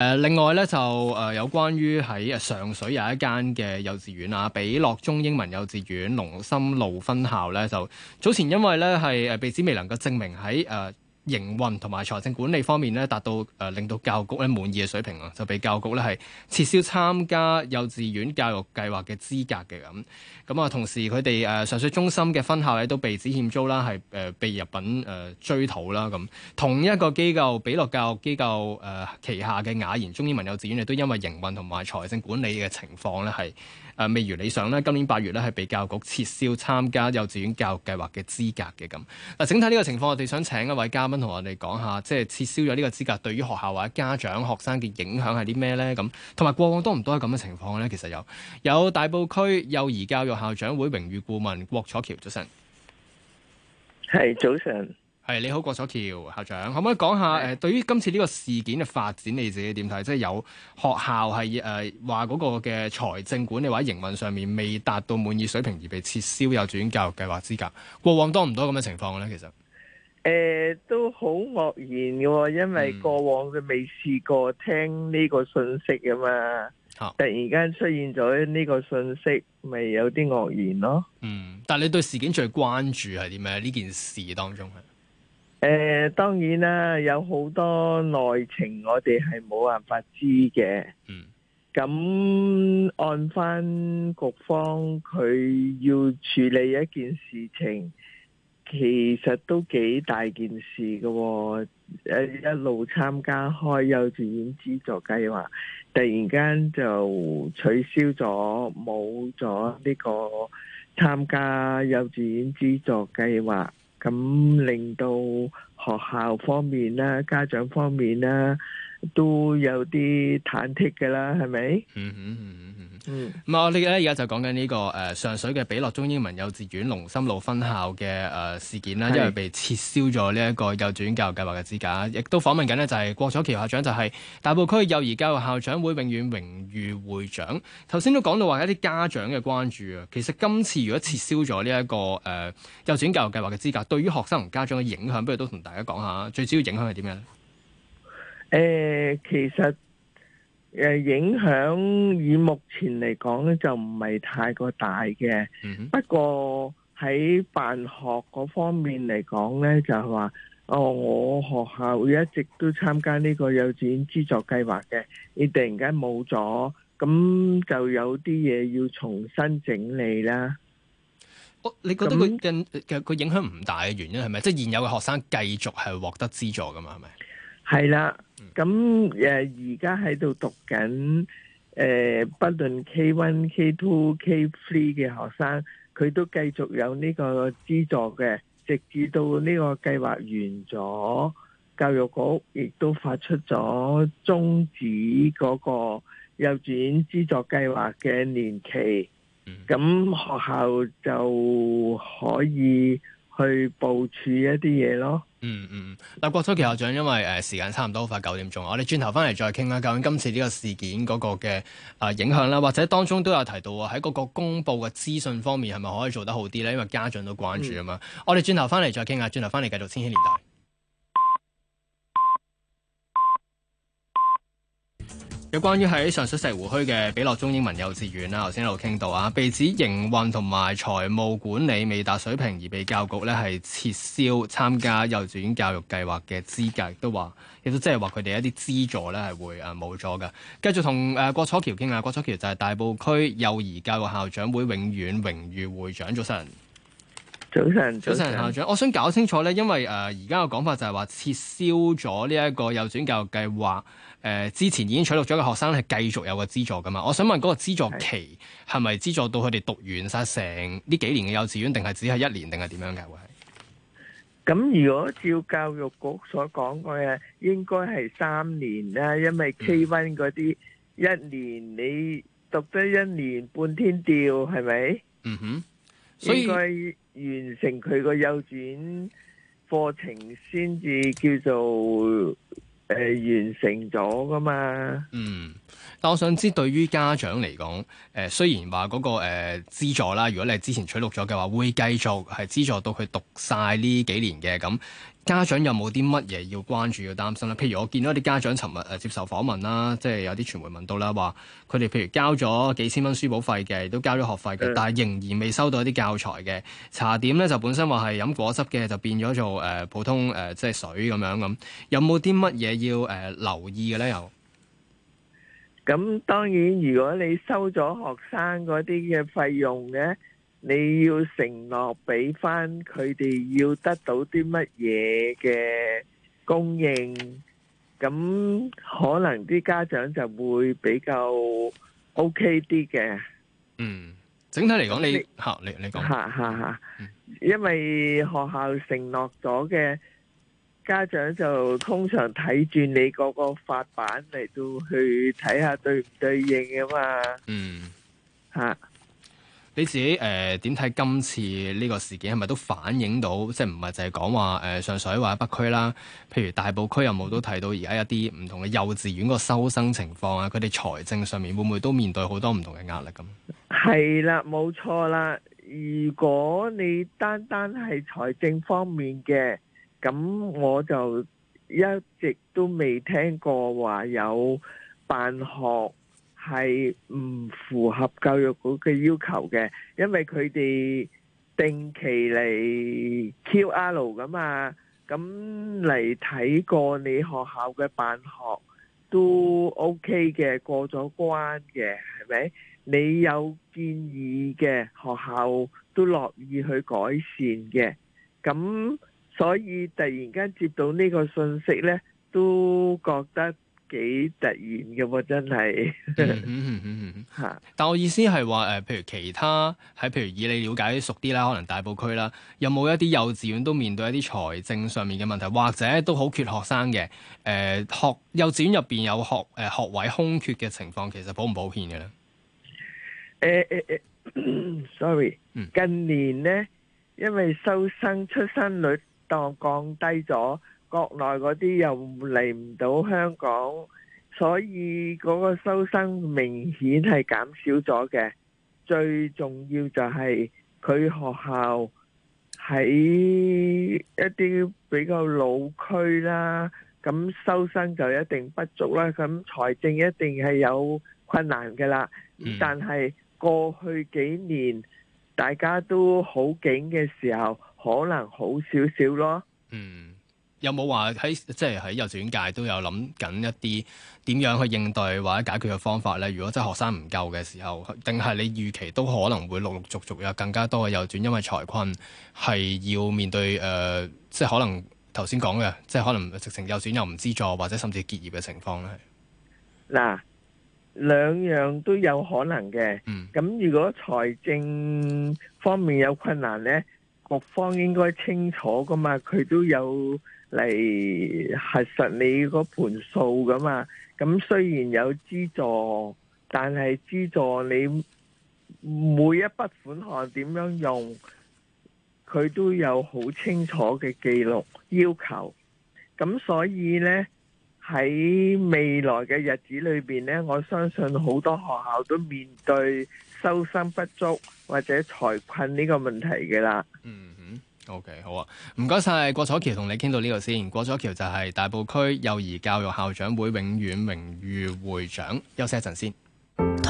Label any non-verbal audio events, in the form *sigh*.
誒，另外咧就誒、呃、有關於喺上水有一間嘅幼稚園啊，比諾中英文幼稚園龍心路分校咧，就早前因為咧係誒被指未能夠證明喺誒，呃營運同埋財政管理方面咧，達到誒、呃、令到教育局咧滿意嘅水平啊，就被教育局咧係撤銷參加幼稚園教育計劃嘅資格嘅咁。咁啊，同時佢哋誒上水中心嘅分校咧都被指欠租啦，係、呃、誒被入稟誒、呃、追討啦咁。同一個機構比樂教育機構誒、呃、旗下嘅雅言中英文幼稚園，亦都因為營運同埋財政管理嘅情況咧係誒未如理想啦。今年八月咧係被教育局撤銷參加幼稚園教育計劃嘅資格嘅咁。嗱、啊，整體呢個情況，我哋想請，請一位教問同我哋講下，即係撤銷咗呢個資格，對於學校或者家長、學生嘅影響係啲咩呢？咁同埋過往多唔多係咁嘅情況呢？其實有有大埔區幼兒教育校長會榮譽顧問郭楚翹，早晨。係早晨，係你好，郭楚翹校長，可唔可以講下？誒是、呃，對於今次呢個事件嘅發展，你自己點睇？即係有學校係誒話嗰個嘅財政管理或者營運上面未達到滿意水平而被撤銷有轉教育計劃資格，過往多唔多咁嘅情況呢？其實？誒、呃，都好愕然嘅，因為過往佢未試過聽呢個信息啊嘛。嗯、突然間出現咗呢個信息，咪有啲愕然咯。嗯，但係你對事件最關注係啲咩？呢件事當中係，誒、呃，當然啦，有好多內情，我哋係冇辦法知嘅。嗯，咁按翻局方佢要處理一件事情。其實都幾大件事㗎。哦，誒，一路參加開幼稚園資助計劃，突然間就取消咗，冇咗呢個參加幼稚園資助計劃，咁令到學校方面啦、家長方面啦。都有啲忐忑嘅啦，係咪？嗯嗯嗯嗯嗯。嗯，咁、嗯、啊，嗯嗯、我哋咧而家就講緊呢個誒、呃，上水嘅比諾中英文幼稚園龍心路分校嘅誒、呃、事件啦，是因為被撤銷咗呢一個幼稚園教育計劃嘅資格，亦都訪問緊呢就係郭楚翹校長，就係大埔區幼兒教育校長會永遠榮譽會長。頭先都講到話一啲家長嘅關注啊，其實今次如果撤銷咗呢一個誒、呃、幼稚園教育計劃嘅資格，對於學生同家長嘅影響，不如都同大家講下，最主要影響係點樣？誒，其實誒影響以目前嚟講咧，就唔係太過大嘅。嗯、哼不過喺辦學嗰方面嚟講咧，就係話、哦，我學校會一直都參加呢個幼稚園資助計劃嘅。你突然間冇咗，咁就有啲嘢要重新整理啦、哦。你覺得佢影響唔大嘅原因係咪，那即係現有嘅學生繼續係獲得資助噶嘛？係咪？係啦。咁誒而家喺度讀緊誒、呃，不論 K one、K two、K three 嘅學生，佢都繼續有呢個資助嘅，直至到呢個計劃完咗，教育局亦都發出咗終止嗰個幼稚園資助計劃嘅年期。咁、嗯、學校就可以去部署一啲嘢咯。嗯嗯，嗱，郭楚翹校長，因為誒時間差唔多，快九點鐘，我哋轉頭翻嚟再傾啦。究竟今次呢個事件嗰個嘅啊影響啦，或者當中都有提到喎喺嗰個公布嘅資訊方面，係咪可以做得好啲咧？因為家長都關注啊嘛。嗯、我哋轉頭翻嚟再傾下轉頭翻嚟繼續千禧年代。有關於喺上水石湖墟嘅比諾中英文幼稚園啦，頭先一路傾到啊，被指營運同埋財務管理未達水平，而被教局咧係撤銷參加幼稚園教育計劃嘅資格，亦都話亦都即係話佢哋一啲資助咧係會誒冇咗噶。繼續同誒郭楚翹傾下。郭楚翹就係大埔區幼兒教育校長會永遠榮譽會長，早晨。早晨，早晨，校長，我想搞清楚咧，因為誒而家個講法就係話撤銷咗呢一個幼稚園教育計劃，誒、呃、之前已經取錄咗嘅學生係繼續有個資助噶嘛？我想問嗰個資助期係咪資助到佢哋讀完晒成呢幾年嘅幼稚園，定係只係一年，定係點樣嘅？會係咁？如果照教育局所講嘅，應該係三年啦，因為 K One 嗰啲一年你讀得一年半天吊，係咪？嗯哼，所以。完成佢個幼稚園課程先至叫做誒、呃、完成咗噶嘛。嗯。 *noise* 但我想知，對於家長嚟講，誒雖然話嗰個誒資助啦，如果你係之前取錄咗嘅話，會繼續係資助到佢讀晒呢幾年嘅咁。家長有冇啲乜嘢要關注、要擔心咧？譬如我見到啲家長尋日接受訪問啦，即係有啲傳媒問到啦，話佢哋譬如交咗幾千蚊書簿費嘅，都交咗學費嘅，但係仍然未收到一啲教材嘅茶點咧，就本身話係飲果汁嘅，就變咗做誒普通誒、呃、即係水咁樣咁。有冇啲乜嘢要誒、呃、留意嘅咧？又？咁當然，如果你收咗學生嗰啲嘅費用呢，你要承諾俾翻佢哋要得到啲乜嘢嘅供應，咁可能啲家長就會比較 OK 啲嘅。嗯，整體嚟講，你吓你你講，吓吓吓，因為學校承諾咗嘅。家長就通常睇住你嗰個發版，嚟到去睇下對唔對應啊嘛。嗯，吓、啊，你自己誒點睇今次呢個事件係咪都反映到，即係唔係就係講話誒上水或者北區啦？譬如大埔區有冇都睇到而家一啲唔同嘅幼稚園個收生情況啊？佢哋財政上面會唔會都面對好多唔同嘅壓力咁？係啦，冇錯啦。如果你單單係財政方面嘅。咁我就一直都未聽過話有辦學係唔符合教育局嘅要求嘅，因為佢哋定期嚟 QR 咁嘛，咁嚟睇過你學校嘅辦學都 OK 嘅，過咗關嘅係咪？你有建議嘅學校都樂意去改善嘅，咁。所以突然間接到呢個訊息呢，都覺得幾突然嘅喎，真係、 *laughs* 嗯嗯嗯嗯嗯。但我意思係話誒，譬如其他喺譬如以你了解熟啲啦，可能大埔區啦，有冇一啲幼稚園都面對一啲財政上面嘅問題，或者都好缺學生嘅誒、呃、學幼稚園入邊有學誒學位空缺嘅情況，其實普唔普遍嘅呢？Sorry，近年呢，因為收生出生率，當降低咗，國內嗰啲又嚟唔到香港，所以嗰個收生明顯係減少咗嘅。最重要就係佢學校喺一啲比較老區啦，咁收生就一定不足啦，咁財政一定係有困難㗎喇。但係過去幾年大家都好景嘅時候。可能好少少咯。嗯，有冇話喺即係喺幼稚園界，都有諗緊一啲點樣去應對或者解決嘅方法咧？如果真係學生唔夠嘅時候，定係你預期都可能會陸陸續續有更加多嘅右轉，因為財困係要面對誒，即、呃、係、就是、可能頭先講嘅，即、就、係、是、可能直情右轉又唔資助，或者甚至結業嘅情況咧。嗱，兩樣都有可能嘅。嗯，咁如果財政方面有困難咧？各方應該清楚㗎嘛，佢都有嚟核實你嗰盤數㗎嘛。咁雖然有資助，但係資助你每一筆款項點樣用，佢都有好清楚嘅記錄要求。咁所以呢。喺未來嘅日子裏邊咧，我相信好多學校都面對收生不足或者財困呢個問題嘅啦。嗯哼，OK，好啊，唔該晒。郭楚翹同你傾到呢度先。郭楚翹就係大埔區幼兒教育校長會永遠榮譽會長，休息一陣先。 *music*